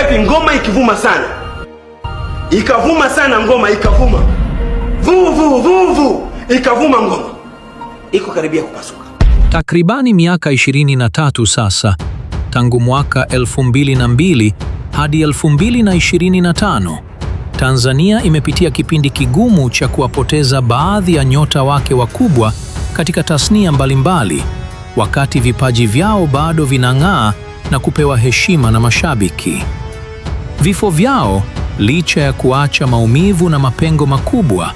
Happy, ngoma ikivuma sana, ikavuma sana ngoma, ikavuma vuvu vuvu, ikavuma ngoma, iko karibia kupasuka. Takribani miaka 23 sasa tangu mwaka 2002 hadi 2025 Tanzania imepitia kipindi kigumu cha kuwapoteza baadhi ya nyota wake wakubwa katika tasnia mbalimbali, wakati vipaji vyao bado vinang'aa na kupewa heshima na mashabiki. Vifo vyao, licha ya kuacha maumivu na mapengo makubwa,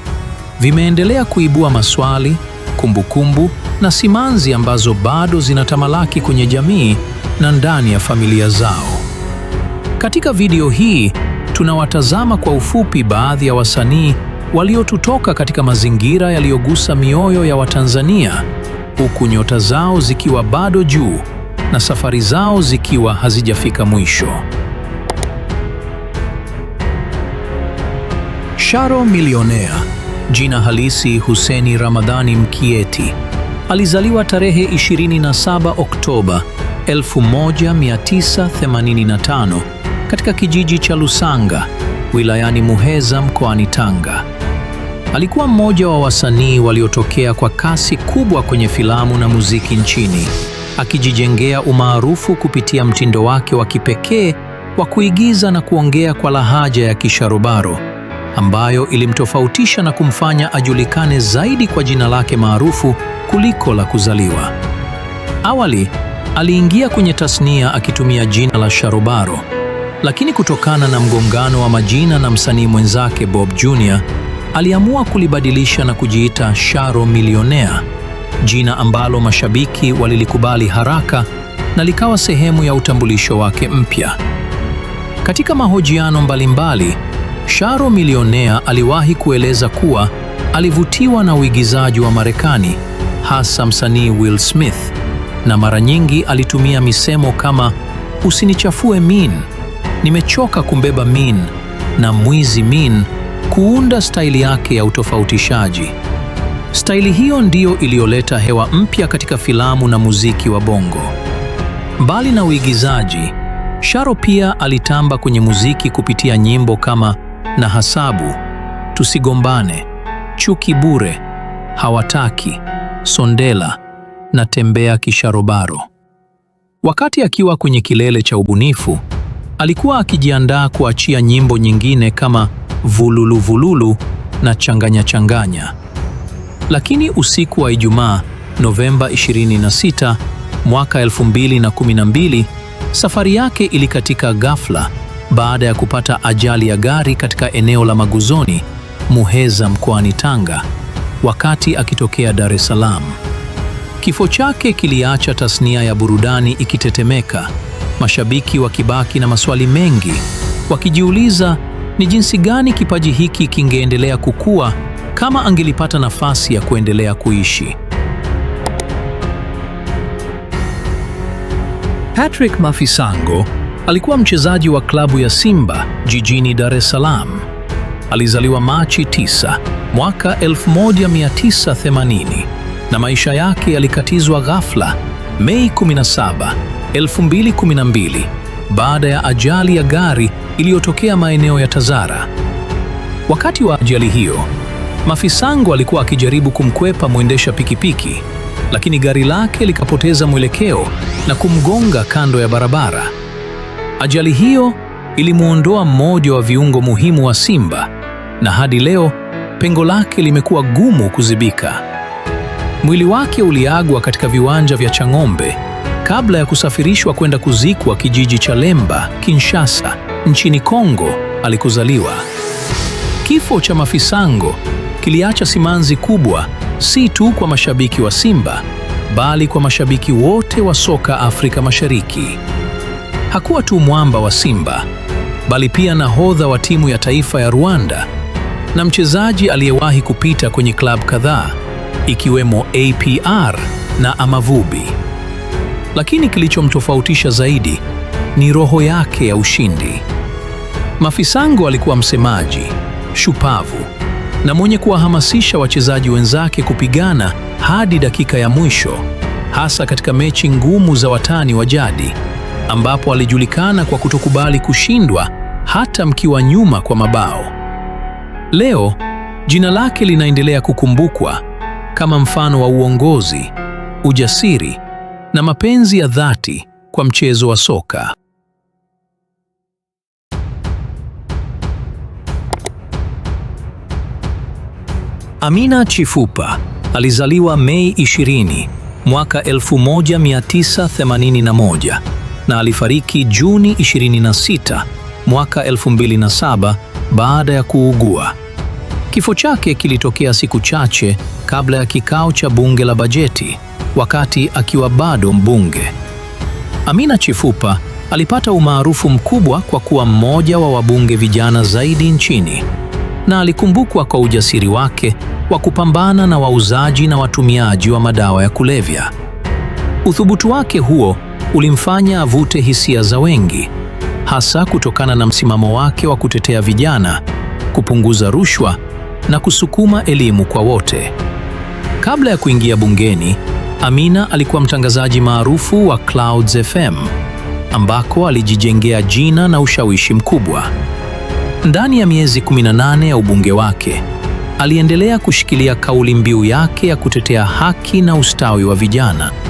vimeendelea kuibua maswali, kumbukumbu kumbu, na simanzi ambazo bado zinatamalaki kwenye jamii na ndani ya familia zao. Katika video hii tunawatazama kwa ufupi baadhi ya wasanii waliotutoka katika mazingira yaliyogusa mioyo ya Watanzania, huku nyota zao zikiwa bado juu na safari zao zikiwa hazijafika mwisho. Sharo milionea, jina halisi Huseni Ramadhani Mkieti, alizaliwa tarehe 27 Oktoba 1985 katika kijiji cha Lusanga wilayani Muheza mkoani Tanga. Alikuwa mmoja wa wasanii waliotokea kwa kasi kubwa kwenye filamu na muziki nchini, akijijengea umaarufu kupitia mtindo wake wa kipekee wa kuigiza na kuongea kwa lahaja ya Kisharobaro ambayo ilimtofautisha na kumfanya ajulikane zaidi kwa jina lake maarufu kuliko la kuzaliwa. Awali aliingia kwenye tasnia akitumia jina la Sharobaro, lakini kutokana na mgongano wa majina na msanii mwenzake Bob Jr, aliamua kulibadilisha na kujiita Sharo Millionaire, jina ambalo mashabiki walilikubali haraka na likawa sehemu ya utambulisho wake mpya. Katika mahojiano mbalimbali mbali, Sharo milionea aliwahi kueleza kuwa alivutiwa na uigizaji wa Marekani, hasa msanii Will Smith, na mara nyingi alitumia misemo kama usinichafue mean, nimechoka kumbeba mean na mwizi mean, kuunda staili yake ya utofautishaji. Staili hiyo ndiyo iliyoleta hewa mpya katika filamu na muziki wa Bongo. Mbali na uigizaji, Sharo pia alitamba kwenye muziki kupitia nyimbo kama na hasabu, tusigombane, chuki bure, hawataki, sondela na tembea kisharobaro. Wakati akiwa kwenye kilele cha ubunifu, alikuwa akijiandaa kuachia nyimbo nyingine kama vululu vululu na changanya changanya. Lakini usiku wa Ijumaa, Novemba 26 mwaka 2012, safari yake ilikatika ghafla baada ya kupata ajali ya gari katika eneo la Maguzoni, Muheza mkoani Tanga, wakati akitokea Dar es Salaam. Kifo chake kiliacha tasnia ya burudani ikitetemeka, mashabiki wakibaki na maswali mengi, wakijiuliza ni jinsi gani kipaji hiki kingeendelea kukua kama angelipata nafasi ya kuendelea kuishi. Patrick Mafisango Alikuwa mchezaji wa klabu ya Simba jijini Dar es Salaam. Alizaliwa Machi 9 mwaka 1980 na maisha yake yalikatizwa ghafla Mei 17, 2012 baada ya ajali ya gari iliyotokea maeneo ya Tazara. Wakati wa ajali hiyo, Mafisango alikuwa akijaribu kumkwepa mwendesha pikipiki, lakini gari lake likapoteza mwelekeo na kumgonga kando ya barabara. Ajali hiyo ilimwondoa mmoja wa viungo muhimu wa Simba na hadi leo pengo lake limekuwa gumu kuzibika. Mwili wake uliagwa katika viwanja vya Chang'ombe kabla ya kusafirishwa kwenda kuzikwa kijiji cha Lemba, Kinshasa, nchini Kongo alikozaliwa. Kifo cha Mafisango kiliacha simanzi kubwa si tu kwa mashabiki wa Simba bali kwa mashabiki wote wa soka Afrika Mashariki hakuwa tu mwamba wa Simba bali pia nahodha wa timu ya taifa ya Rwanda na mchezaji aliyewahi kupita kwenye klabu kadhaa ikiwemo APR na Amavubi. Lakini kilichomtofautisha zaidi ni roho yake ya ushindi. Mafisango alikuwa msemaji shupavu na mwenye kuwahamasisha wachezaji wenzake kupigana hadi dakika ya mwisho, hasa katika mechi ngumu za watani wa jadi ambapo alijulikana kwa kutokubali kushindwa hata mkiwa nyuma kwa mabao. Leo jina lake linaendelea kukumbukwa kama mfano wa uongozi, ujasiri na mapenzi ya dhati kwa mchezo wa soka. Amina Chifupa alizaliwa Mei 20 mwaka 1981 na alifariki Juni 26 mwaka 2007 baada ya kuugua. Kifo chake kilitokea siku chache kabla ya kikao cha bunge la bajeti, wakati akiwa bado mbunge. Amina Chifupa alipata umaarufu mkubwa kwa kuwa mmoja wa wabunge vijana zaidi nchini na alikumbukwa kwa ujasiri wake wa kupambana na wauzaji na watumiaji wa madawa ya kulevya. Uthubutu wake huo ulimfanya avute hisia za wengi, hasa kutokana na msimamo wake wa kutetea vijana, kupunguza rushwa na kusukuma elimu kwa wote. Kabla ya kuingia bungeni, Amina alikuwa mtangazaji maarufu wa Clouds FM ambako alijijengea jina na ushawishi mkubwa. Ndani ya miezi 18 ya ubunge wake, aliendelea kushikilia kauli mbiu yake ya kutetea haki na ustawi wa vijana.